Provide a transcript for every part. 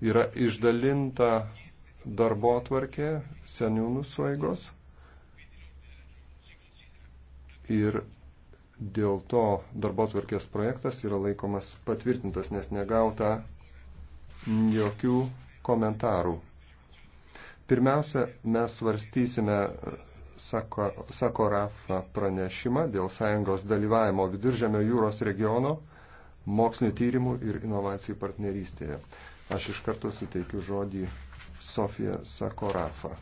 yra išdalinta darbo atvarkė seniūnų sueigos ir dėl to darbo atvarkės projektas yra laikomas patvirtintas, nes negauta jokių komentarų. Pirmiausia, mes svarstysime Sako, Sakorafa pranešimą dėl sąjungos dalyvavimo viduržėmio jūros regiono mokslinio tyrimų ir inovacijų partnerystėje. Aš iš karto suteikiu žodį Sofija Sakorafa.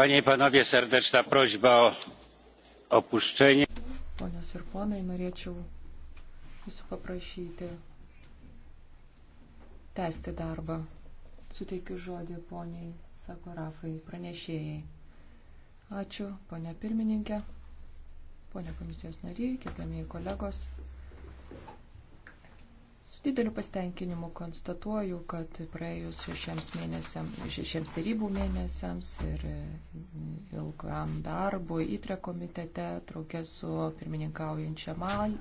Panie i panowie, serdeczna prośba o opuszczenie. Ponios ir ponai, norėčiau jūsų paprašyti tęsti darbą. Suteikiu žodį poniai Sakorafai, pranešėjai. Ačiū, ponia pirmininkė, ponia komisijos nariai, kiekvienai kolegos. Su dideliu pasitenkinimu konstatuoju, kad praėjus šešiems, mėnesiam, šešiems tarybų mėnesiams ir mm, ilgam darbui įtre komitete, traukė su pirmininkaujančia Mal.